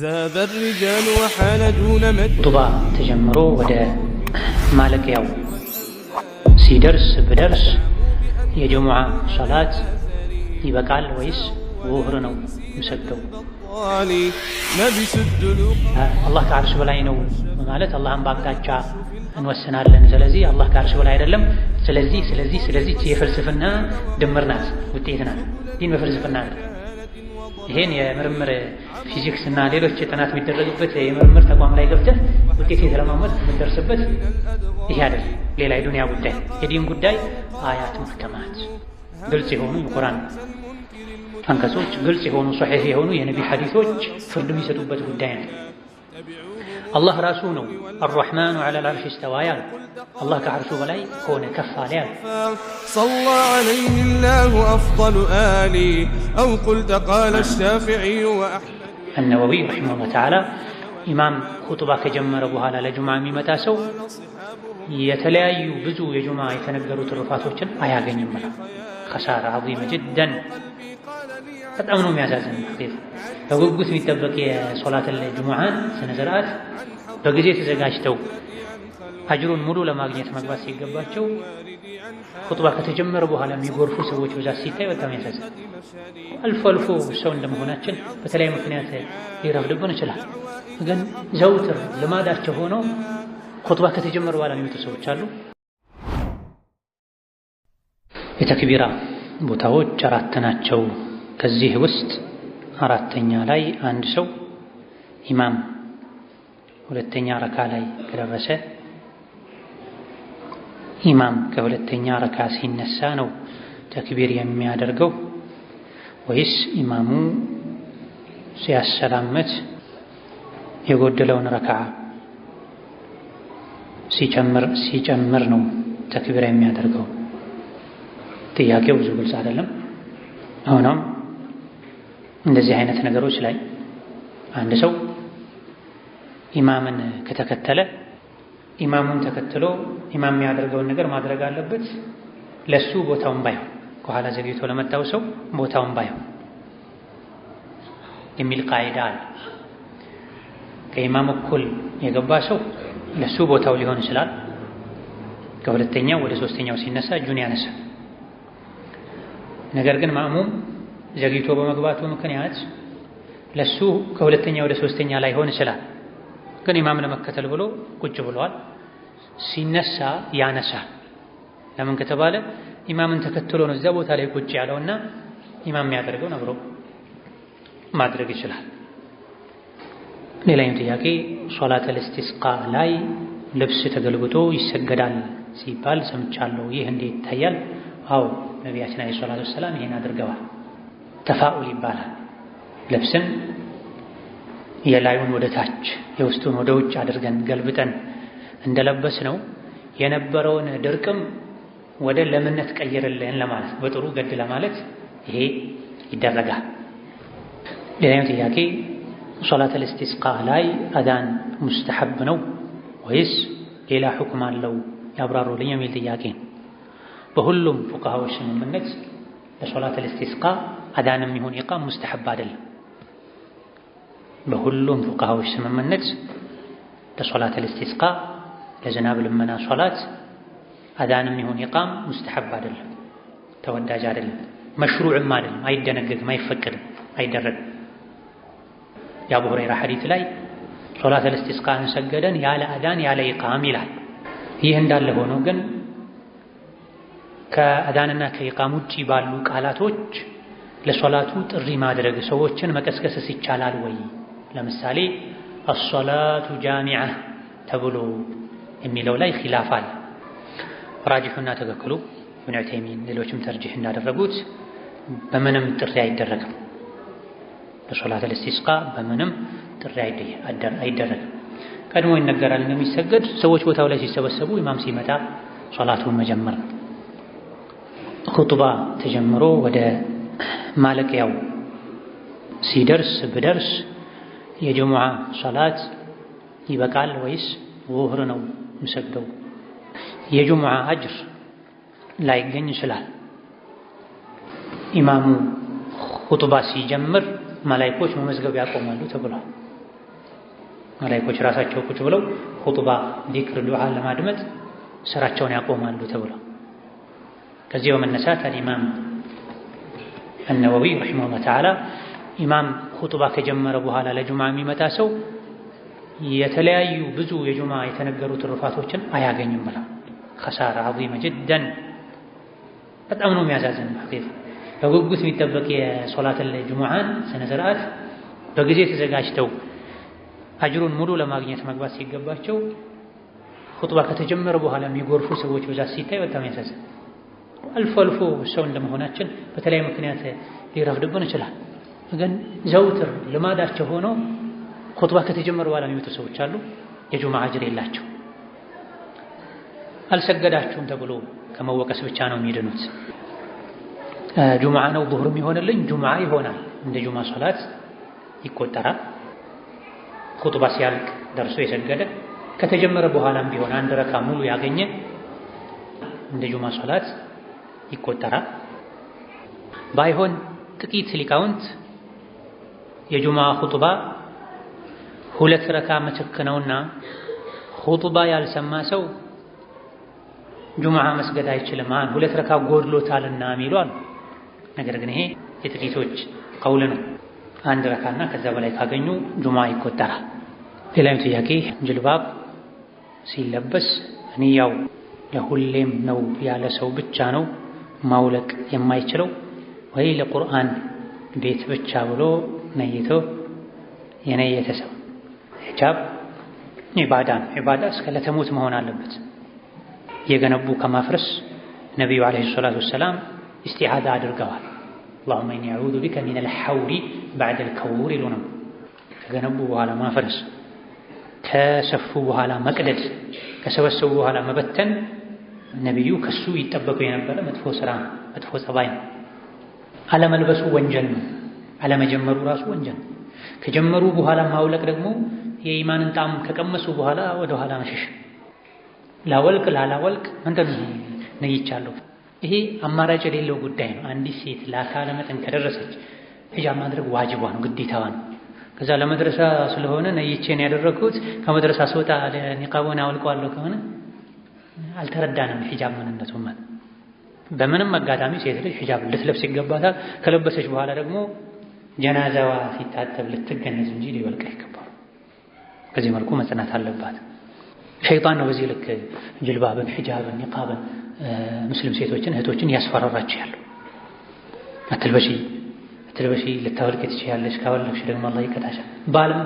ذاب ጡባ ተጀምሮ ወደ ማለቂያው ሲደርስ ብደርስ የጀሙዓ ሶላት ይበቃል ወይስ ዙህር ነው የምሰግደው? አላህ ከአርሽ በላይ ነው ማለት አላህን በአቅጣጫ እንወስናለን። ስለዚህ አላህ ከአርሽ በላይ አይደለም። ስለዚህ ስለዚህ ስለዚህ የፍልስፍና ድምር ናት፣ ውጤት ናት። ይህን በፍልስፍና ይሄን የምርምር ፊዚክስ እና ሌሎች ጥናት የሚደረግበት የምርምር ተቋም ላይ ገብተህ ውጤት የተለማመጥ የምትደርስበት ይሄ አይደል። ሌላ የዱንያ ጉዳይ፣ የዲን ጉዳይ አያት መከማት ግልጽ የሆኑ የቁርአን አንቀጾች ግልጽ የሆኑ ሶሒህ የሆኑ የነቢ ሐዲሶች ፍርድ የሚሰጡበት ጉዳይ ነው። አላህ ራሱ ነው አርራሕማኑ ዐለል ዐርሽ እስተዋ ያለ። አላህ ከዐርሹ በላይ ከሆነ ከፍ አለ ያለ። ሰላ ዐለይሂ ላሁ አፍደሉ አሊ አው ቁልተ ቃለ ሻፊዒ ወአሕመድ ነወዊ ረሒመሁላሁ ተዓላ ኢማም ሁጥባ ከጀመረ በኋላ ለጁማ የሚመጣ ሰው የተለያዩ ብዙ የጁማ የተነገሩ ትሩፋቶችን አያገኝም። ከሳራ አዚም ጅደን በጣም ነው የሚያሳዝን። በጉጉት የሚጠበቅ የሶላትን ጁሙዓን ስነ ስርዓት በጊዜ ተዘጋጅተው አጅሩን ሙሉ ለማግኘት መግባት ሲገባቸው ኹጥባ ከተጀመረ በኋላ የሚጎርፉ ሰዎች ብዛት ሲታይ በጣም ያሳዝናል። አልፎ አልፎ ሰው እንደመሆናችን በተለይ ምክንያት ሊረፍድብን ይችላል። ግን ዘውትር ልማዳቸው ሆነው ኹጥባ ከተጀመረ በኋላ የሚወጡ ሰዎች አሉ። የተክቢራ ቦታዎች አራት ናቸው። ከዚህ ውስጥ አራተኛ ላይ አንድ ሰው ኢማም ሁለተኛ ረካ ላይ ከደረሰ ኢማም ከሁለተኛ ረካ ሲነሳ ነው ተክቢር የሚያደርገው ወይስ ኢማሙ ሲያሰላመት የጎደለውን ረካ ሲጨምር ሲጨምር ነው ተክቢር የሚያደርገው? ጥያቄው ብዙ ግልጽ አይደለም። ሆኖም እንደዚህ አይነት ነገሮች ላይ አንድ ሰው ኢማምን ከተከተለ ኢማሙን ተከትሎ ኢማም የሚያደርገውን ነገር ማድረግ አለበት። ለሱ ቦታውን ባይሆን ከኋላ ዘግይቶ ለመጣው ሰው ቦታውን ባይሆን የሚል ቃይዳ አለ። ከኢማም እኩል የገባ ሰው ለሱ ቦታው ሊሆን ይችላል። ከሁለተኛው ወደ ሶስተኛው ሲነሳ እጁን ያነሳል። ነገር ግን ማእሙም ዘግይቶ በመግባቱ ምክንያት ለሱ ከሁለተኛ ወደ ሶስተኛ ላይሆን ይችላል። ግን ኢማም ለመከተል ብሎ ቁጭ ብሏል ሲነሳ ያነሳል። ለምን ከተባለ ኢማምን ተከትሎ ነው እዚያ ቦታ ላይ ቁጭ ያለው እና ኢማም የሚያደርገውን አብሮ ማድረግ ይችላል። ሌላኛው ጥያቄ ሶላተል ኢስቲስቃ ላይ ልብስ ተገልብጦ ይሰገዳል ሲባል ሰምቻለሁ። ይህ እንዴት ይታያል? አዎ ነቢያችን አለይሂ ሰላቱ ወሰላም ይሄን አድርገዋል። ተፋኡል ይባላል። ልብስን የላዩን ወደ ታች የውስጡን ወደ ውጭ አድርገን ገልብጠን እንደለበስ ነው የነበረውን ድርቅም ወደ ለምነት ቀይርልን ለማለት በጥሩ ገድ ለማለት ይሄ ይደረጋል። ሌላኛው ጥያቄ ሶላተል ኢስቲስቃ ላይ አዛን ሙስተሐብ ነው ወይስ ሌላ ሁክም አለው ያብራሩልኝ የሚል ጥያቄ በሁሉም ፉቃሃዎች ስምምነት ለሶላተል ኢስቲስቃ አዛንም ይሁን ኢቃም ሙስተሐብ አይደለም። በሁሉም ፉቃሃዎች ስምምነት ለሶላት ልስቲስቃ ለዝናብ ልመና ሶላት አዛንም ይሁን ኢቃም ሙስተሐብ አይደለም፣ ተወዳጅ አይደለም፣ መሽሩዕም አይደለም፣ አይደነገግም፣ አይፈቀድም፣ አይደረግም። የአቡ ሁረይራ ሐዲት ላይ ሶላት ልስቲስቃን እንሰገደን ያለ አዛን ያለ ኢቃም ይላል። ይህ እንዳለ ሆኖ ግን ከአዛንና ከኢቃም ውጪ ባሉ ቃላቶች ለሶላቱ ጥሪ ማድረግ ሰዎችን መቀስቀስስ ይቻላል ወይ? ለምሳሌ አሶላቱ ጃሚዓ ተብሎ የሚለው ላይ ኺላፍ አለ። ራጅሑና ትክክሉ ኢብኑ ዑተይሚን ሌሎችም ተርጅህ እንዳደረጉት በምንም ጥሪ አይደረግም። ለሶላት ልስቲስቃ በምንም ጥሪ አይደረግም። ቀድሞ ይነገራል እንደሚሰገድ ሰዎች ቦታው ላይ ሲሰበሰቡ ኢማም ሲመጣ ሶላቱን መጀመር ነው። ኹጥባ ተጀምሮ ወደ ማለቂያው ሲደርስ ብደርስ የጀሙዓ ሶላት ይበቃል ወይስ ዙህር ነው የምሰግደው? የጀሙዓ አጅር ላይገኝ ይችላል። ኢማሙ ሁጥባ ሲጀምር መላይኮች መመዝገብ ያቆማሉ ተብሏል። መላይኮች ራሳቸው ቁጭ ብለው ሁጥባ፣ ዚክር፣ ዱዓ ለማድመጥ ስራቸውን ያቆማሉ ተብሏል። ከዚህ በመነሳት አልኢማም አነወዊ ረሒመሁላህ ተዓላ ኢማም ሁጥባ ከጀመረ በኋላ ለጁማ የሚመጣ ሰው የተለያዩ ብዙ የጁማ የተነገሩ ትሩፋቶችን አያገኝም ብለው። ከሳራ አዚመ ጅደን በጣም ነው የሚያሳዝን። ሐቂቃ በጉጉት የሚጠበቅ የሶላትን ጁሙዓን ስነ ስርዓት በጊዜ ተዘጋጅተው አጅሩን ሙሉ ለማግኘት መግባት ሲገባቸው ሁጥባ ከተጀመረ በኋላ የሚጎርፉ ሰዎች ብዛት ሲታይ በጣም ያሳዝን። አልፎ አልፎ ሰው እንደመሆናችን በተለያዩ ምክንያት ሊረፍድብን ይችላል። ግን ዘውትር ልማዳቸው ሆኖ ኹጥባ ከተጀመረ በኋላ የሚመጡ ሰዎች አሉ። የጁማ አጅር የላቸው። አልሰገዳችሁም ተብሎ ከመወቀስ ብቻ ነው የሚድኑት። ጁማ ነው ዙህርም ይሆንልኝ ጁማ ይሆናል፣ እንደ ጁማ ሶላት ይቆጠራል። ኹጥባ ሲያልቅ ደርሶ የሰገደ ከተጀመረ በኋላም ቢሆን አንድ ረካ ሙሉ ያገኘ እንደ ጁማ ሶላት ይቆጠራል። ባይሆን ጥቂት ሊቃውንት የጁማ ኹጥባ ሁለት ረካ ምትክ ነውና ኹጥባ ያልሰማ ሰው ጁማ መስገድ አይችልም፣ አን ሁለት ረካ ጎድሎታልና የሚሉ አሉ። ነገር ግን ይሄ የጥቂቶች ቀውል ነው። አንድ ረካና ከዛ በላይ ካገኙ ጁማ ይቆጠራል። ሌላው ጥያቄ ጅልባብ ሲለበስ እንያው ለሁሌም ነው ያለ ሰው ብቻ ነው ማውለቅ የማይችለው ወይ ለቁርአን ቤት ብቻ ብሎ ነይቶ የነየተ ሰው ሂጃብ ኢባዳ ነው። ኢባዳ እስከ ለተሞት መሆን አለበት። የገነቡ ከማፍረስ ነቢዩ ዓለይሂ ሰላቱ ወሰላም ኢስቲዓዛ አድርገዋል። አላሁመ ኢኒ አዑዙ ቢከ ሚነል ሐውሪ በዕደል ከውር ይሉ ነው። ከገነቡ በኋላ ማፍረስ፣ ከሰፉ በኋላ መቅደድ፣ ከሰበሰቡ በኋላ መበተን ነቢዩ ከሱ ይጠበቁ የነበረ መጥፎ ስራ መጥፎ ጸባይ ነው። አለመልበሱ ወንጀል ነው። አለመጀመሩ ራሱ ወንጀል። ከጀመሩ በኋላ ማውለቅ ደግሞ የኢማንን ጣም ከቀመሱ በኋላ ወደ ኋላ መሸሽ። ላወልቅ ላላወልቅ ምንድን ነይቻለሁ። ይሄ አማራጭ የሌለው ጉዳይ ነው። አንዲት ሴት ለአካለ መጠን ከደረሰች ሂጃብ ማድረግ ዋጅቧ ነው፣ ግዴታዋ ነው። ከዛ ለመድረሳ ስለሆነ ነይቼን ያደረግኩት ከመድረሳ ስወጣ ኒቃቦን አውልቀዋለሁ ከሆነ አልተረዳንም ሒጃብ ምንነቱ ማለት በምንም አጋጣሚ ሴት ልጅ ሒጃብ ልትለብስ ይገባታል። ከለበሰች በኋላ ደግሞ ጀናዛዋ ሲታተብ ልትገነዝ እንጂ ሊበልቅ አይገባም። በዚህ መልኩ መጽናት አለባት። ሸይጣን ነው በዚህ ልክ ጅልባብን፣ ሒጃብን፣ ኒቃብን ሙስሊም ሴቶችን እህቶችን እያስፈራራችሁ ያለው አትልበሺ አትልበሺ፣ ልታወልቅ ትችያለሽ፣ ካወለቅሽ ደግሞ አላህ ይቀጣሻል።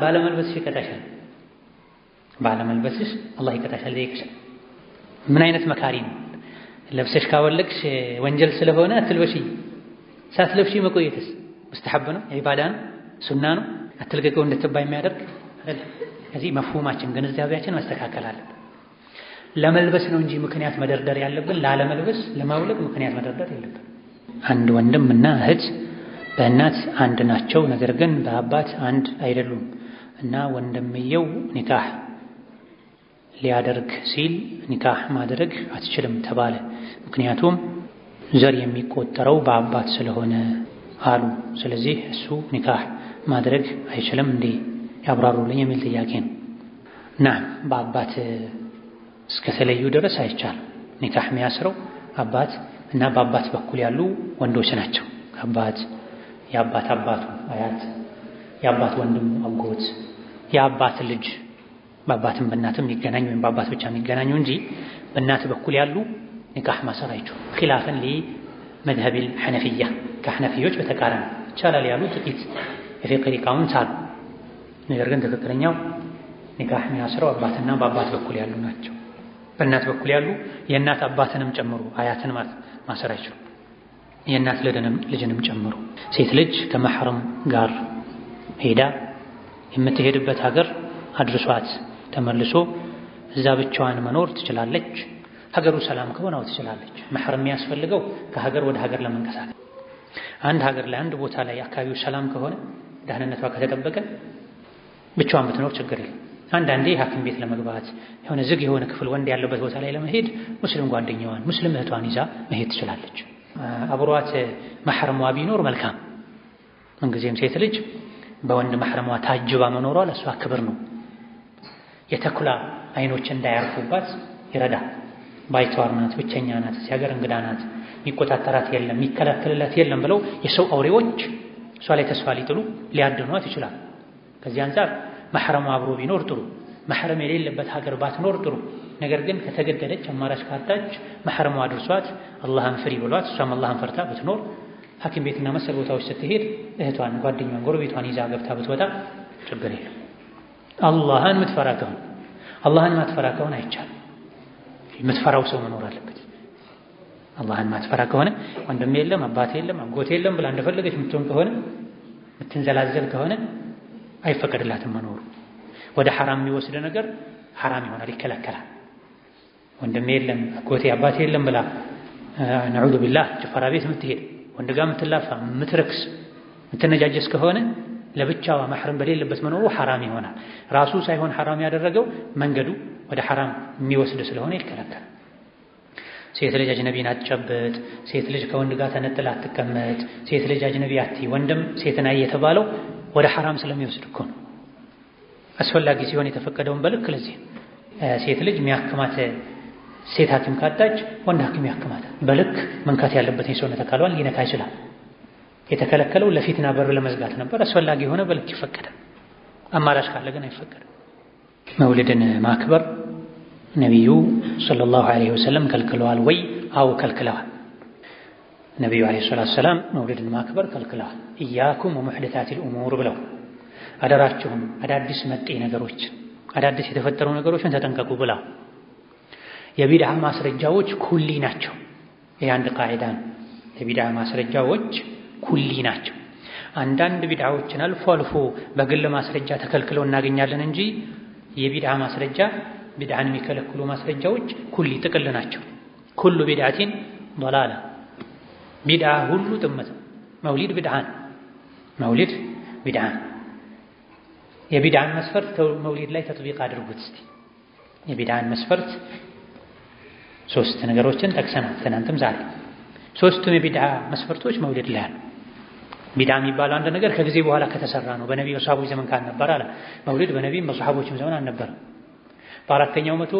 ባለመልበስሽ ይቀጣሻል፣ ባለመልበስሽ አላህ ይቀጣሻል፣ ይቀሻል። ምን አይነት መካሪ ነው! ለብሰሽ ካወለቅሽ ወንጀል ስለሆነ አትልበሺ። ሳትለብሺ መቆየትስ ሙስተሐብ ነው፣ ዒባዳ ነው፣ ሱና ነው፣ አትልቀቀው እንደተባ የሚያደርግ አይደለም። ከዚህ መፍሁማችን ግንዛቤያችን መስተካከል አለብን። ለመልበስ ነው እንጂ ምክንያት መደርደር ያለብን ላለመልበስ ለማውለቅ ምክንያት መደርደር የለብን። አንድ ወንድም እና እህት በእናት አንድ ናቸው፣ ነገር ግን በአባት አንድ አይደሉም እና ወንድምየው ኒካህ ሊያደርግ ሲል ኒካህ ማድረግ አትችልም ተባለ። ምክንያቱም ዘር የሚቆጠረው በአባት ስለሆነ አሉ። ስለዚህ እሱ ኒካህ ማድረግ አይችልም እንዴ ያብራሩልኝ የሚል ጥያቄ ነው። ና በአባት እስከተለዩ ድረስ አይቻልም። ኒካህ የሚያስረው አባት እና በአባት በኩል ያሉ ወንዶች ናቸው። አባት፣ የአባት አባቱ አያት፣ የአባት ወንድሙ አጎት፣ የአባት ልጅ በአባትም በእናትም የሚገናኙ ወይም በአባት ብቻ የሚገናኙ እንጂ በእናት በኩል ያሉ ኒካህ ማሰር አይችሉም። ኪላፈን ሊ መድሀቢል ሐነፊያ ከሐነፊዮች በተቃራኒ ይቻላል ያሉ ጥቂት የፊቅህ ሊቃውንት አሉ። ነገር ግን ትክክለኛው ኒካህ የሚያስረው አባትና በአባት በኩል ያሉ ናቸው። በእናት በኩል ያሉ የእናት አባትንም ጨምሮ አያትን ማሰር አይችሉም። የእናት ልጅንም ጨምሮ ሴት ልጅ ከመሐረም ጋር ሄዳ የምትሄድበት ሀገር አድርሷት ተመልሶ እዛ ብቻዋን መኖር ትችላለች። ሀገሩ ሰላም ከሆነው ትችላለች። መሐረም የሚያስፈልገው ከሀገር ወደ ሀገር ለመንቀሳቀስ አንድ ሀገር ላይ አንድ ቦታ ላይ አካባቢው ሰላም ከሆነ ደህንነቷ ከተጠበቀ ብቻዋን ብትኖር ችግር የለም። አንዳንዴ ሐኪም ቤት ለመግባት የሆነ ዝግ የሆነ ክፍል ወንድ ያለበት ቦታ ላይ ለመሄድ ሙስሊም ጓደኛዋን ሙስሊም እህቷን ይዛ መሄድ ትችላለች። አብሯት ማህረሟ ቢኖር መልካም። ምንጊዜም ሴት ልጅ በወንድ ማህረሟ ታጅባ መኖሯ ለእሷ ክብር ነው። የተኩላ አይኖች እንዳያርፉባት ይረዳ። ባይተዋር ናት፣ ብቸኛ ናት፣ ሲያገር እንግዳ ናት የሚቆጣጠራት የለም የሚከላከልላት የለም ብለው የሰው አውሬዎች እሷ ላይ ተስፋ ሊጥሉ ሊያድኗት ይችላል። ከዚህ አንጻር መሐረሙ አብሮ ቢኖር ጥሩ፣ መሐረም የሌለበት ሀገር ባትኖር ጥሩ። ነገር ግን ከተገደደች አማራጭ ካጣች መሐረሙ አድርሷት አላህን ፍሪ ብሏት እሷም አላህን ፈርታ ብትኖር ሐኪም ቤትና መሰል ቦታዎች ስትሄድ እህቷን፣ ጓደኛዋን፣ ጎረቤቷን ይዛ ገብታ ብትወጣ ችግር የለም። አላህን ምትፈራ ከሆነ አላህን ማትፈራ ከሆነ አይቻልም። የምትፈራው ሰው መኖር አለበት። አላህን ማትፈራ ከሆነ ወንድም የለም አባት የለም አጎት የለም ብላ እንደፈለገች የምትሆን ከሆነ ምትንዘላዘል ከሆነ አይፈቀድላትም መኖሩ። ወደ ሐራም የሚወስደ ነገር ሐራም ይሆናል፣ ይከለከላል። ወንድም የለም አጎቴ አባቴ የለም ብላ ነዑዙ ቢላህ ጭፈራ ቤት የምትሄድ ወንድ ጋር የምትላፋ የምትረክስ የምትነጃጀስ ከሆነ ለብቻዋ ማህረም በሌለበት መኖሩ ሐራም ይሆናል። ራሱ ሳይሆን ሐራም ያደረገው መንገዱ ወደ ሐራም የሚወስድ ስለሆነ ይከለከላል። ሴት ልጅ አጅነቢን አትጨብጥ፣ ሴት ልጅ ከወንድ ጋር ተነጥላ አትቀመጥ፣ ሴት ልጅ አጅነቢ አት ወንድም ሴትና እየተባለው ወደ ሐራም ስለሚወስድ እኮ ነው። አስፈላጊ ሲሆን የተፈቀደውን በልክ ለዚህ ሴት ልጅ ሚያክማት ሴት ሐኪም ካጣች ወንድ ሐኪም ያክማት። በልክ መንካት ያለበትን የሰውነት አካሏን ሊነካ ይችላል። የተከለከለው ለፊትና በር ለመዝጋት ነበር። አስፈላጊ የሆነ በልክ ይፈቀዳል። አማራጭ ካለ ግን አይፈቀድም። መውልድን ማክበር ነቢዩ ሰለላሁ ዐለይሂ ወሰለም ከልክለዋል ወይ? አው ከልክለዋል። ነቢዩ ዐለይሂ ሰላቱ ወሰላም መውሊድን ማክበር ከልክለዋል። እያኩም ወሙሕደታቲል ኡሙር ብለው አደራችሁም አዳዲስ መጤ ነገሮች፣ አዳዲስ የተፈጠሩ ነገሮችን ተጠንቀቁ ብላ የቢድዓ ማስረጃዎች ኩሊ ናቸው። ይህ አንድ ቃዒዳ ነው። የቢድዓ ማስረጃዎች ኩሊ ናቸው። አንዳንድ ቢድዓዎችን አልፎ አልፎ በግል ማስረጃ ተከልክለው እናገኛለን እንጂ የቢድዓ ማስረጃ ቢድዓን የሚከለክሉ ማስረጃዎች ኩሊ ጥቅል ናቸው። ኩሉ ቢድዓቲን ዶላላ ቢድዓ ሁሉ ጥመት። መውሊድ ቢድዓን መውሊድ ቢድዓን የቢድዓን መስፈርት መውሊድ ላይ ተጥቢቅ አድርጉት እስቲ። የቢድዓን መስፈርት ሶስት ነገሮችን ጠቅሰናል ትናንትም ዛሬ። ሶስቱም የቢድዓ መስፈርቶች መውሊድ ላይ አሉ። ቢድዓ የሚባለው አንድ ነገር ከጊዜ በኋላ ከተሰራ ነው። በነቢ ሰሃቦች ዘመን ካልነበረ አለ መውሊድ በነቢይም በሰሃቦችም ዘመን አልነበረም። በአራተኛው መቶ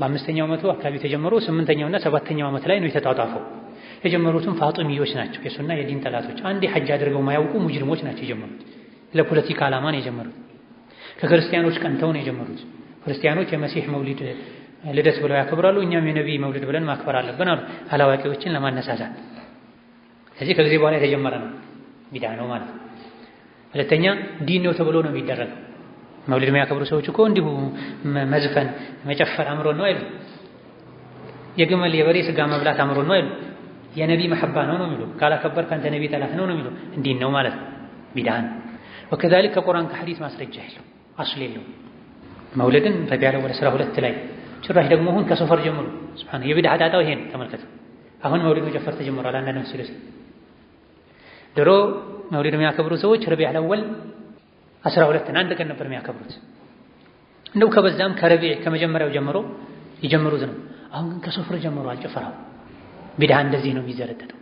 በአምስተኛው መቶ አካባቢ ተጀምሮ ስምንተኛውና ሰባተኛው ዓመት ላይ ነው የተጣጣፈው። የጀመሩትም ፋጡሚዎች ናቸው፣ የሱና የዲን ጠላቶች። አንዴ ሐጅ አድርገው ማያውቁ ሙጅሪሞች ናቸው የጀመሩት። ለፖለቲካ ዓላማ ነው የጀመሩት። ከክርስቲያኖች ቀንተው ነው የጀመሩት። ክርስቲያኖች የመሲህ መውሊድ ልደት ብለው ያከብራሉ፣ እኛም የነቢይ መውሊድ ብለን ማክበር አለብን አሉ፣ አላዋቂዎችን ለማነሳሳት። ስለዚህ ከጊዜ በኋላ የተጀመረ ነው፣ ቢዳ ነው ማለት። ሁለተኛ ዲን ነው ተብሎ ነው የሚደረገው መውሊድ የሚያከብሩ ሰዎች እኮ እንዲሁ መዝፈን መጨፈር አምሮን ነው አይሉ። የግመል የበሬ ስጋ መብላት አምሮን ነው አይሉ። የነቢ መሐባ ነው ነው የሚሉ። ካላከበር ከአንተ ነቢ ጠላት ነው ነው የሚሉ። እንዲህ ነው ማለት ነው ቢድዓን። ወከዛሊክ ከቁርአን ከሐዲስ ማስረጃ የለው አስል የለው። መውሊድን ፈቢያለ ወደ ስራ ሁለት ላይ ጭራሽ ደግሞ አሁን ከሰፈር ጀምሮ ሱብሃን የቢድዓ ጣጣው ይሄን ተመልከቱ። አሁን መውሊድ መጨፈር ተጀምሯል። አንዳንድ መስጊዶች ድሮ መውሊድ የሚያከብሩ ሰዎች ረቢዕ አልአወል አስራ ሁለትን አንድ ቀን ነበር የሚያከብሩት። እንደው ከበዛም ከረቢዕ ከመጀመሪያው ጀምሮ ይጀምሩት ነው። አሁን ግን ከሶፍር ጀምሮ አልጭፈራው ቢድሃ እንደዚህ ነው የሚዘረጠጠው።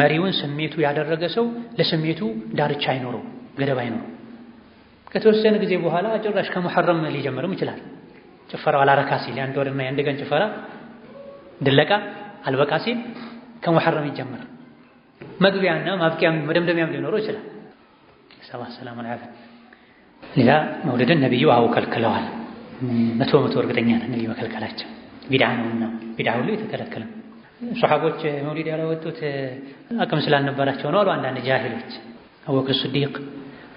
መሪውን ስሜቱ ያደረገ ሰው ለስሜቱ ዳርቻ አይኖረው፣ ገደብ አይኖረው። ከተወሰነ ጊዜ በኋላ ጭራሽ ከመሐረም ሊጀምርም ይችላል። ጭፈራው አላረካ ሲል የአንድ ወርና የአንድ ቀን ጭፈራ ድለቃ አልበቃ ሲል ከመሐረም ይጀምራል። መግቢያና ማብቂያም መደምደሚያም ሊኖረው ይችላል። ሰላ ሰላም ሌላ መውለድን ነቢዩ አው ከልክለዋል። መቶ መቶ እርግጠኛ ነን ነቢዩ መከልከላቸው ቢድዓ ነውና ቢድዓ ሁሉ የተከለከለ። ሶሐቦች መውሊድ ያላወጡት አቅም ስላልነበራቸው ነው አሉ አንዳንድ ጃሂሎች። አቡበክር ስዲቅ፣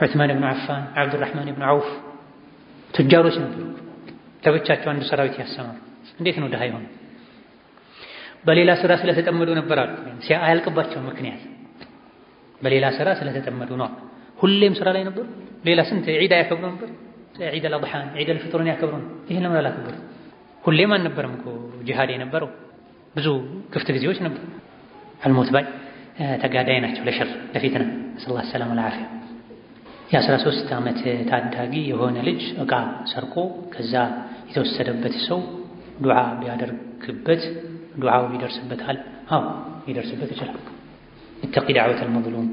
ዑትማን ብኑ አፋን፣ አብዱራህማን ብኑ አውፍ ቱጃሮች ነበሩ። ለብቻቸው አንድ ሰራዊት ያሰማሩ። እንዴት ነው ድሃ የሆኑ? በሌላ ስራ ስለተጠመዱ ነበር አሉ። አያልቅባቸው ምክንያት በሌላ ስራ ስለተጠመዱ ነው። ሁሌም ስራ ላይ ነበሩ። ليلة سنت عيد يا كبرون عيد الأضحى عيد الفطر يا كبرون إيه نمر لا كبر كل ما نبر مكو جهاد ينبروا بزو كفت زوج نبر الموت باي تقادينا لشر لفيتنا صلى الله السلام والعافية يا سلاسوس تامت تعدهاقي يهون لج أقع سرقو كذا يتوسد بتسو دعاء بيادر كبت دعاء بيدر سبت هل ها يدر سبت شرق اتقي دعوة المظلوم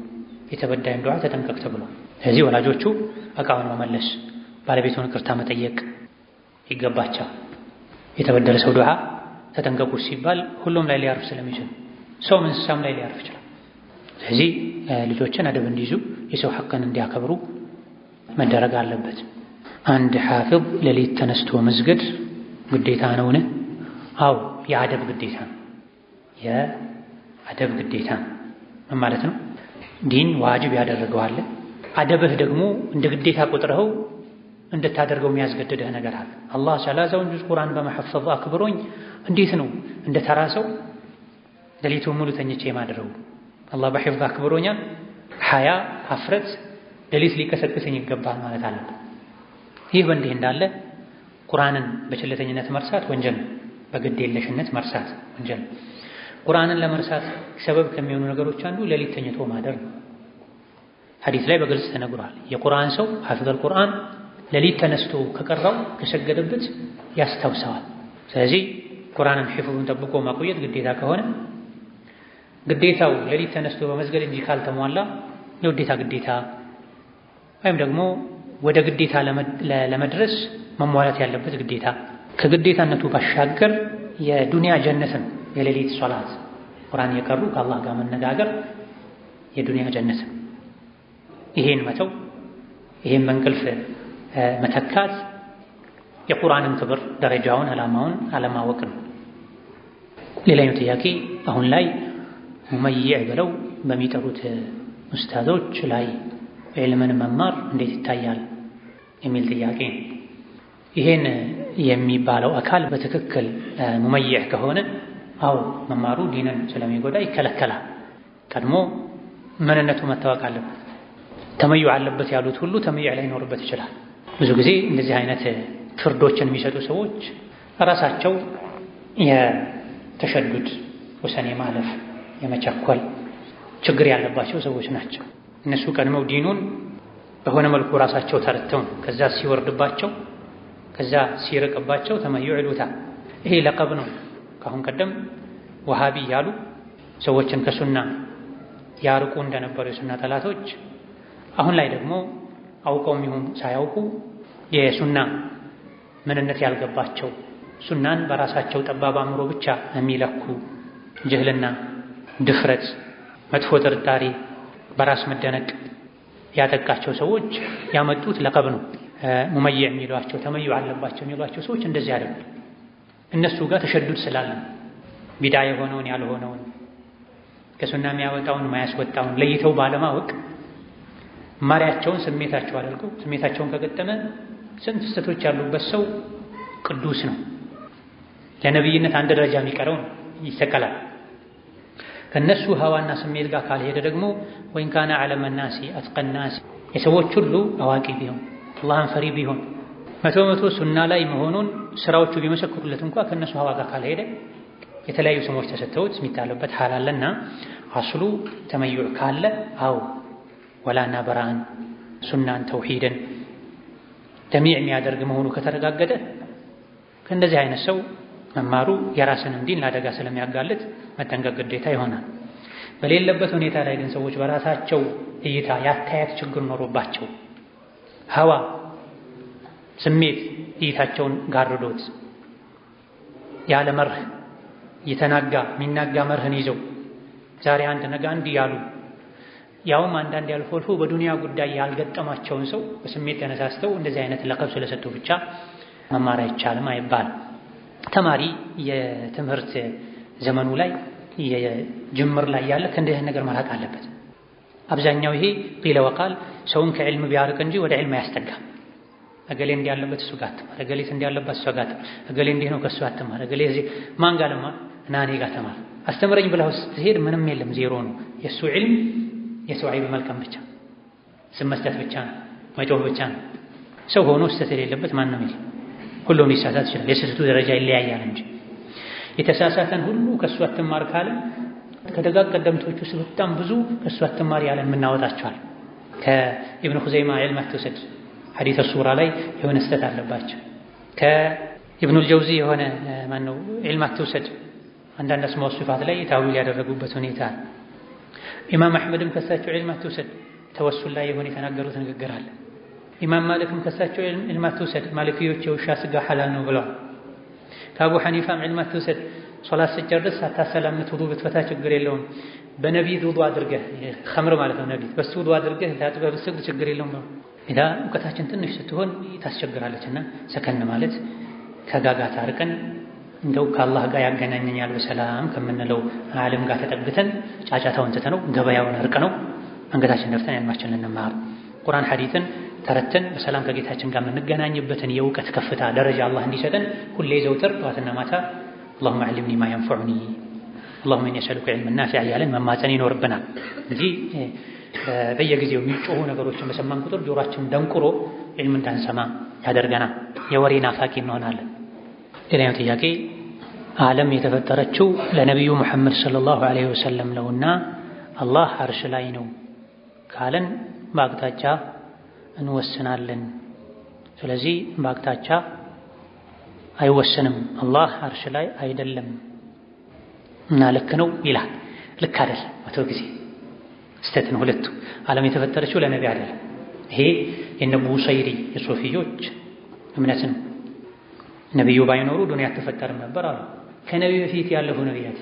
يتبدأ دعاء تتمكك تبلوه እዚህ ወላጆቹ እቃውን መመለስ፣ ባለቤቱን ቅርታ መጠየቅ ይገባቸው። የተበደለ ሰው ዱዓ ተጠንቀቁ ሲባል ሁሉም ላይ ሊያርፍ ስለሚችል ሰው እንስሳም ላይ ሊያርፍ ይችላል። ስለዚህ ልጆችን አደብ እንዲይዙ የሰው ሐቅን እንዲያከብሩ መደረግ አለበት። አንድ ሐፊዝ ሌሊት ተነስቶ መስገድ ግዴታ ነውን? አው የአደብ ግዴታ ነው። የአደብ ግዴታ ምን ማለት ነው? ዲን ዋጅብ ያደረገው አለ አደብህ ደግሞ እንደ ግዴታ ቁጥረኸው እንድታደርገው የሚያስገድድህ ነገር አለ። አላህ ሰላሳውን ጁዝ ቁርአን በመሐፈዝ አክብሮኝ እንዴት ነው እንደ ተራ ሰው ሌሊቱን ሙሉ ተኝቼ የማደረው? አላህ በሒፍዝ አክብሮኛል። ሀያ አፍረት ሌሊት ሊቀሰቅሰኝ ይገባል ማለት አለ። ይህ በእንዲህ እንዳለ ቁርአንን በችለተኝነት መርሳት ወንጀል ነው። በግድ የለሽነት መርሳት ወንጀል ነው። ቁርአንን ለመርሳት ሰበብ ከሚሆኑ ነገሮች አንዱ ሌሊት ተኝቶ ማደር ነው። ሐዲስ ላይ በግልጽ ተነግሯል። የቁርአን ሰው ሐፊዘል ቁርአን ሌሊት ተነስቶ ከቀራው ከሰገደበት ያስታውሰዋል። ስለዚህ ቁርአንን ሒፍዙን ጠብቆ ማቆየት ግዴታ ከሆነ ግዴታው ሌሊት ተነስቶ በመስገድ እንጂ ካልተሟላ የውዴታ ግዴታ ወይም ደግሞ ወደ ግዴታ ለመድረስ መሟላት ያለበት ግዴታ ከግዴታነቱ ባሻገር የዱንያ ጀነትን የሌሊት ሶላት ቁርአን የቀሩ ከአላህ ጋር መነጋገር የዱንያ ጀነትን ይሄን መተው ይሄን በእንቅልፍ መተካት የቁርአንን ክብር ደረጃውን ዓላማውን አለማወቅ ነው። ሌላኛው ጥያቄ አሁን ላይ ሙመይዕ ብለው በሚጠሩት ኡስታዞች ላይ ዕልምን መማር እንዴት ይታያል የሚል ጥያቄ ነው። ይሄን የሚባለው አካል በትክክል ሙመይዕ ከሆነ አው መማሩ ዲንን ስለሚጎዳ ይከለከላል። ቀድሞ ምንነቱ መታወቅ አለበት። ተመዩ አለበት ያሉት ሁሉ ተመዩ ላይኖርበት ይችላል። ብዙ ጊዜ እንደዚህ አይነት ፍርዶችን የሚሰጡ ሰዎች ራሳቸው የተሸዱድ ወሰን የማለፍ የመቸኮል ችግር ያለባቸው ሰዎች ናቸው። እነሱ ቀድመው ዲኑን በሆነ መልኩ ራሳቸው ተረተው ከዛ ሲወርድባቸው፣ ከዛ ሲርቅባቸው ተመዩ ዕሉታ ይሄ ለቀብ ነው። ከአሁን ቀደም ወሃቢ ያሉ ሰዎችን ከሱና ያርቁ እንደነበሩ የሱና ጠላቶች አሁን ላይ ደግሞ አውቀውም ይሁን ሳያውቁ የሱና ምንነት ያልገባቸው ሱናን በራሳቸው ጠባብ አእምሮ ብቻ የሚለኩ ጅህልና፣ ድፍረት፣ መጥፎ ጥርጣሬ፣ በራስ መደነቅ ያጠቃቸው ሰዎች ያመጡት ለቀብ ነው። ሙመይዕ የሚሏቸው ተመዩ አለባቸው የሚሏቸው ሰዎች እንደዚህ ያደርጉ። እነሱ ጋር ተሸዱድ ስላለ ቢዳ የሆነውን ያልሆነውን ከሱና የሚያወጣውን ማያስወጣውን ለይተው ባለማወቅ ማሪያቸውን ስሜታቸው አድርገው ስሜታቸውን ከገጠመ ስንት ስህተቶች ያሉበት ሰው ቅዱስ ነው። ለነቢይነት አንድ ደረጃ የሚቀረው ይሰቀላል። ከእነሱ ሀዋና ስሜት ጋር ካልሄደ ደግሞ ወይን ካነ አለመናሲ አትቀናሲ የሰዎች ሁሉ አዋቂ ቢሆን አላህን ፈሪ ቢሆን መቶ መቶ ሱና ላይ መሆኑን ስራዎቹ ቢመሰክሩለት እንኳ ከእነሱ ሀዋ ጋር ካልሄደ የተለያዩ ስሞች ተሰጥተውት የሚታለበት ሀል አለና አስሉ ተመዩዕ ካለ አው ወላና በራን ሱናን ተውሂድን ደሚዕ የሚያደርግ መሆኑ ከተረጋገጠ ከእንደዚህ አይነት ሰው መማሩ የራስን ዲን ለአደጋ ስለሚያጋልጥ መጠንቀቅ ግዴታ ይሆናል። በሌለበት ሁኔታ ላይ ግን ሰዎች በራሳቸው እይታ ያታያት ችግር ኖሮባቸው ሀዋ ስሜት እይታቸውን ጋርዶት ያለ መርህ የተናጋ የሚናጋ መርህን ይዘው ዛሬ አንድ ነገ አንድ ያሉ ያውም አንዳንድ ያልፎ አልፎ በዱንያ ጉዳይ ያልገጠማቸውን ሰው በስሜት ተነሳስተው እንደዚህ አይነት ለቀብ ስለሰጡ ብቻ መማር አይቻልም አይባል። ተማሪ የትምህርት ዘመኑ ላይ የጅምር ላይ ያለ ከእንዲህ ነገር መራቅ አለበት። አብዛኛው ይሄ ቂለ ወቃል ሰውን ከዕልም ቢያርቅ እንጂ ወደ ዕልም አያስጠጋም። እገሌ እንዲህ ያለበት እሱ ጋር አትማር፣ እገሌት እንዲህ ያለባት እሷ ጋር አትማር፣ እገሌ እንዲህ ነው ከእሱ ጋር አትማር፣ እገሌ እዚህ ማን ጋር ለማ ና እኔ ጋር ተማር፣ አስተምረኝ ብለህ ስትሄድ ምንም የለም ዜሮ ነው የእሱ ዕልም የሰው አይብ መልቀም ብቻ ስም ብቻ ነው፣ መጮህ ብቻ ነው። ሰው ሆኖ ስህተት የሌለበት ማንም የለም። ሁሉም ሊሳሳት ይችላል። የስህተቱ ደረጃ ይለያያል እንጂ የተሳሳተን ሁሉ ከእሱ አትማር ካለ ከደጋግ ቀደምቶቹ ውስጥ በጣም ብዙ ከእሱ አትማር ያለን የምናወጣቸዋል። ከኢብኑ ኹዘይማ ዕልም አትውሰድ ሐዲተ ሱራ ላይ የሆነ ስህተት አለባቸው። ከኢብኑ ልጀውዚ የሆነ ማነው ዕልም አትውሰድ አንዳንድ አስማው ሲፋት ላይ ታዊል ያደረጉበት ሁኔታ ኢማም አሕመድም ከሳቸው ዕልም አትውሰድ ተወሱል ላይ የሆነ የተናገሩት ንግግር አለ። ኢማም ማሊክም ከሳቸው ዕልም አትውሰድ ማሊክዮች የውሻ ስጋ ሐላል ነው ብለዋል። ከአቡ ሐኒፋም ዕልም አትውሰድ ሶላት ስጨርስ ሳታሰላምት ውዱ ብትፈታ ችግር የለውም። በነቢድ ውዱ አድርገህ ከምር ማለት ነው ነቢድ በሱ ውዱ አድርገህ ታጥበህ ብትሰግድ ችግር የለውም ነው ኢዳ እውቀታችን ትንሽ ስትሆን ታስቸግራለችና ሰከን ማለት ከጋጋታ ርቀን እንደው ከአላህ ጋር ያገናኘኛል በሰላም ከምንለው ዓለም ጋር ተጠግተን ጫጫታውን ትተነው ገበያውን ነው አንገታችን ደፍተን ያልማችን ልንማር ቁርአን ሐዲትን ተረተን በሰላም ከጌታችን ጋር የምንገናኝበትን የእውቀት ከፍታ ደረጃ አላህ እንዲሰጠን ሁሌ ዘውትር ጠዋትና ማታ አላሁመ አልምኒ ማ የንፈዑኒ አላሁመ ኢኒ አስአሉከ ዒልመን ናፊዓ እያለን መማፀን ይኖርብናል እንጂ በየጊዜው የሚጮሁ ነገሮችን በሰማን ቁጥር ጆሯችን ደንቁሮ ዒልም እንዳንሰማ ያደርገናል። የወሬ ናፋቂ እንሆናለን። ሌላኛው ጥያቄ ዓለም የተፈጠረችው ለነቢዩ መሐመድ ሰለላሁ ዐለይሂ ወሰለም ነውና አላህ አርሽ ላይ ነው ካለን በአቅጣጫ እንወስናለን። ስለዚህ በአቅጣጫ አይወሰንም። አላህ አርሽ ላይ አይደለም እና ልክ ነው ይላል። ልክ አይደለም። መቶ ጊዜ ስተትን ሁለቱ ዓለም የተፈጠረችው ለነቢ አይደለም። ይሄ የነ ቡሰይሪ የሶፊዮች እምነት ነው። ነቢዩ ባይኖሩ ዱንያ አትፈጠርም ነበር አሉ። ከነቢ በፊት ያለፉ ነቢያት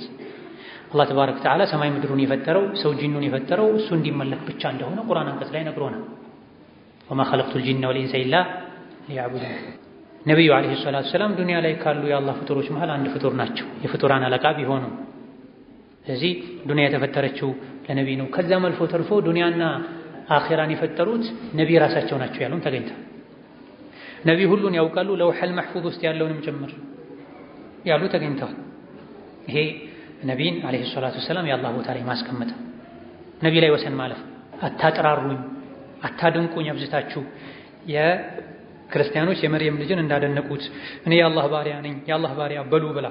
አላህ ተባረከ ወተዓላ ሰማይ ምድሩን የፈጠረው ሰው ጂኑን የፈጠረው እሱ እንዲመለክ ብቻ እንደሆነ ቁርአን አንቀጽ ላይ ነግሮናል። ወማ ኸለቅቱል ጂነ ወል ኢንሰ ኢላ ሊያዕቡዱ። ነቢዩ ዓለይሂ ሰላቱ ወሰላም ዱንያ ላይ ካሉ የአላህ ፍጡሮች መሃል አንድ ፍጡር ናቸው፣ የፍጡራን አለቃ ቢሆኑ። ስለዚህ ዱንያ የተፈጠረችው ለነቢይ ነው። ከዛም አልፎ ተርፎ ዱንያና አኼራን የፈጠሩት ነቢይ ራሳቸው ናቸው ያሉም ተገኝቷል። ነቢይ ሁሉን ያውቃሉ፣ ለውሐል መሕፉዝ ውስጥ ያለውንም ጭምር ያሉ ተገኝተዋል። ይሄ ነቢይን አለይሂ ሰላቱ ወሰላም የአላህ ቦታ ላይ ማስቀመጥ ነቢ ላይ ወሰን ማለፍ አታጥራሩኝ፣ አታድንቁኝ አብዝታችሁ የክርስቲያኖች የመርየም ልጅን እንዳደነቁት እኔ የአላህ ባሪያ ነኝ የአላህ ባሪያ በሉ ብላ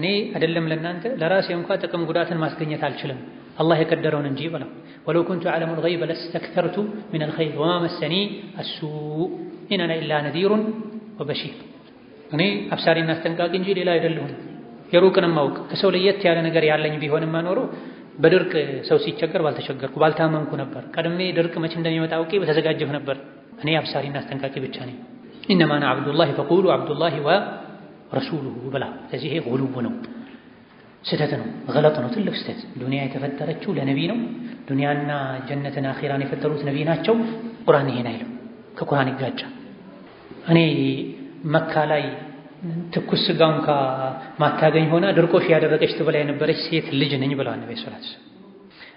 እኔ አይደለም ለእናንተ ለራሴ እንኳ ጥቅም ጉዳትን ማስገኘት አልችልም አላህ የቀደረውን እንጂ ብላ ወለው ኩንቱ አዕለሙ ልገይበ ለስተክተርቱ ሚነል ኸይር ወማ መሰኒ አሱ ኢነና ኢላ ነዚሩን ወበሺር እኔ አብሳሪና አስጠንቃቂ እንጂ ሌላ አይደለሁም። የሩቅንም ማውቅ ከሰው ለየት ያለ ነገር ያለኝ ቢሆንም ኖሮ በድርቅ ሰው ሲቸገር ባልተቸገርኩ ባልታመምኩ ነበር። ቀድሜ ድርቅ መቼ እንደሚመጣ አውቄ በተዘጋጀሁ ነበር። እኔ አብሳሪና አስጠንቃቂ ብቻ ነኝ። ኢነማ አነ አብዱላሂ ፈቁሉ አብዱላሂ ወረሱሉሁ ብላ። ስለዚህ ይሄ ጉልው ነው፣ ስህተት ነው፣ ገለጥ ነው፣ ትልቅ ስህተት። ዱንያ የተፈጠረችው ለነቢ ነው። ዱንያና ጀነትን አኼራን የፈጠሩት ነቢ ናቸው። ቁርአን ይሄን አይልም፣ ከቁርአን ይጋጫ እኔ መካ ላይ ትኩስ ስጋ እንኳ ማታገኝ ሆና ድርቆሽ ያደረገች ትበላ የነበረች ሴት ልጅ ነኝ ብለዋል ነቢ ሰላት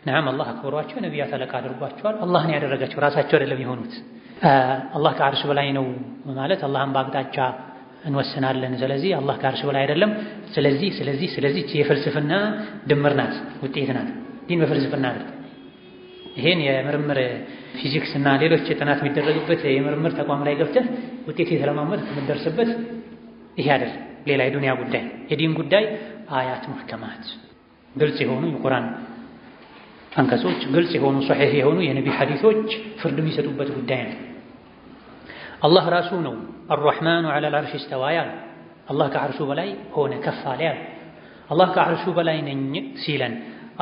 ነዓም አላህ አክብሯቸው ነቢያት አለቃ አድርጓቸዋል። አላህን ያደረጋቸው ራሳቸው አይደለም የሆኑት። አላህ ከአርሽ በላይ ነው ማለት አላህን በአቅጣጫ እንወስናለን። ስለዚህ አላህ ከአርሽ በላይ አይደለም። ስለዚህ ስለዚህ ስለዚህ የፍልስፍና ድምር ናት፣ ውጤት ናት። ዲን በፍልስፍና አይደለም። ይሄን የምርምር ፊዚክስ እና ሌሎች ጥናት የሚደረግበት የምርምር ተቋም ላይ ገብተህ ውጤት የተለማመድ የምትደርስበት ይሄ አይደል። ሌላ የዱንያ ጉዳይ፣ የዲን ጉዳይ አያት ሙህከማት፣ ግልጽ የሆኑ የቁርአን አንቀጾች፣ ግልጽ የሆኑ ሶሒህ የሆኑ የነቢ ሐዲሶች ፍርድ የሚሰጡበት ጉዳይ ነው። አላህ ራሱ ነው አርራሕማኑ ዐለል ዐርሽ እስተዋ ያለ። አላህ ከዐርሹ በላይ ሆነ ከፍ አለ ያለ። አላህ ከዐርሹ በላይ ነኝ ሲለን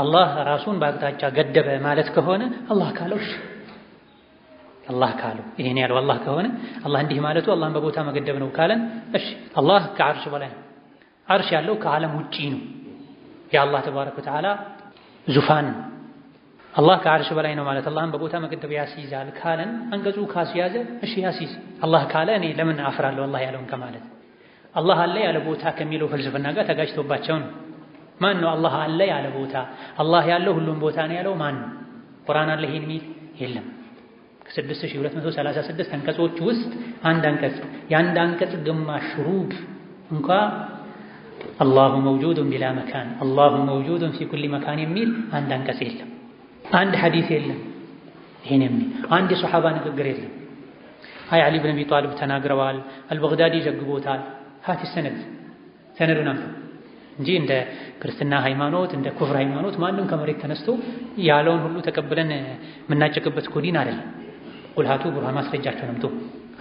አላህ ራሱን በአቅጣጫ ገደበ ማለት ከሆነ አላህ ካለው አላህ ካለው ይሄን ያለው አላህ ከሆነ አላህ እንዲህ ማለቱ አላህን በቦታ መገደብ ነው ካለን፣ እሺ አላህ ከአርሽ በላይ ነው። አርሽ ያለው ከዓለም ውጪ ነው። የአላህ ተባረከ ወተዓላ ዙፋን አላህ ከአርሽ በላይ ነው ማለት አላህን በቦታ መገደብ ያስይዛል ካለን፣ አንቀጹ ካስያዘ እሺ ያስይዝ። አላህ ካለ እኔ ለምን አፍራለሁ አላህ ያለውን ከማለት አላህ አለ ያለ ቦታ ከሚለው ፍልስፍና ጋር ተጋጭቶባቸው ነው። ማን ነው አላህ አለ ያለ ቦታ? አላህ ያለው ሁሉም ቦታ ነው ያለው ማን ነው? ቁርአን አለ ይሄን የሚል የለም። ከ6236 አንቀጾች ውስጥ አንድ አንቀጽ የአንድ አንቀጽ ግማሽ ሩብ እንኳ አላሁ መውጁዱን ቢላ መካን አላሁ መውጁዱን ፊ ኩሊ መካን የሚል አንድ አንቀጽ የለም። አንድ ሐዲስ የለም ይሄን የሚል አንድ የሶሓባ ንግግር የለም። አይ አሊ ብን አቢ ጣልብ ተናግረዋል፣ አልበግዳዲ ዘግቦታል። ሀቲ ሰነድ ሰነዱን አምጡ እንጂ እንደ ክርስትና ሃይማኖት እንደ ኩፍር ሃይማኖት ማንም ከመሬት ተነስቶ ያለውን ሁሉ ተቀብለን የምናጨቅበት ኮዲን አይደለም። ቁልሃቱ ቡርሃን ማስረጃቸውን አምጡ።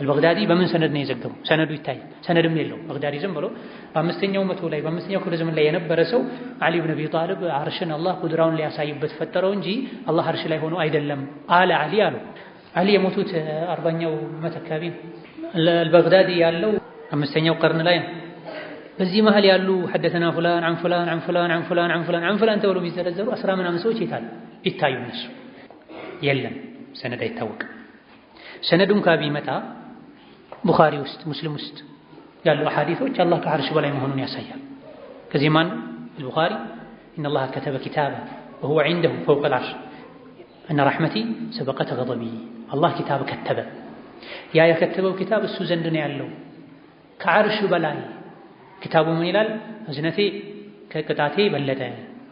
አልበግዳዲ በምን ሰነድ ነው የዘገቡ? ሰነዱ ይታያል፣ ሰነድም የለው። በግዳዲ ዝም ብሎ በአምስተኛው መቶ ላይ በአምስተኛው ክፍለ ዘመን ላይ የነበረ ሰው አሊ ብን አቢ ጣልብ አርሽን አላህ ቁድራውን ሊያሳይበት ፈጠረው እንጂ አላህ አርሽ ላይ ሆኖ አይደለም አለ አሊ አሉ። አሊ የሞቱት አርባኛው ዓመት አካባቢ ነው። አልበግዳዲ ያለው አምስተኛው ቀርን ላይ ነው። በዚህ መሀል ያሉ ሐደተና ፉላን አን ፉላን አን ፉላን አን ፉላን አን ፉላን አን ፉላን ተብሎ የሚዘረዘሩ አስራ ምናምን ሰዎች ይታሉ ይታዩ እነሱ የለም ሰነድ አይታወቅም። ሰነዱን ካቢመጣ ቡኻሪ ውስጥ ሙስሊም ውስጥ ያሉ አሐዲቶች አላህ ከዓርሽ በላይ መሆኑን ያሳያል። ከዚህም አንዱ البخاري إن الله كتب كتابا وهو عنده فوق العرش أن رحمتي سبقت غضبي الله كتاب كتبه يا يكتبه كتاب السوزن دنيا له كعرش بلاي كتاب ምን ይላል? እዝነቴ ከቅጣቴ በለጠ፣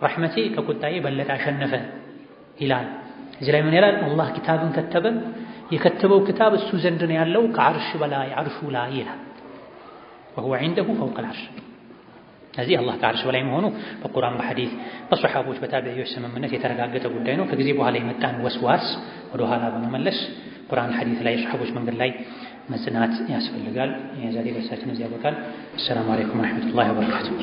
ረሕመቴ ከቁጣዬ በለጠ አሸነፈ ይላል። እዚህ ላይ ምን ይላል? አላህ ኪታብን ከተበ፣ የከተበው ክታብ እሱ ዘንድ ነው ያለው ከዓርሽ በላይ ዓርሹ ላይ ይላል። وهو عنده فوق العرش ስለዚህ አላህ ከዓርሽ በላይ መሆኑ በቁርአን በሐዲስ በሰሓቦች በታቢዒዎች ስምምነት የተረጋገጠ ጉዳይ ነው። ከጊዜ በኋላ የመጣን ወስዋስ ወደ ኋላ በመመለስ ቁርአን ሐዲስ ላይ ሰሓቦች መንገድ ላይ መጽናት ያስፈልጋል። የዛሬ ደርሳችን እዚህ ያበቃል። አሰላሙ አለይኩም ወረሕመቱላሂ ወበረካቱሁ።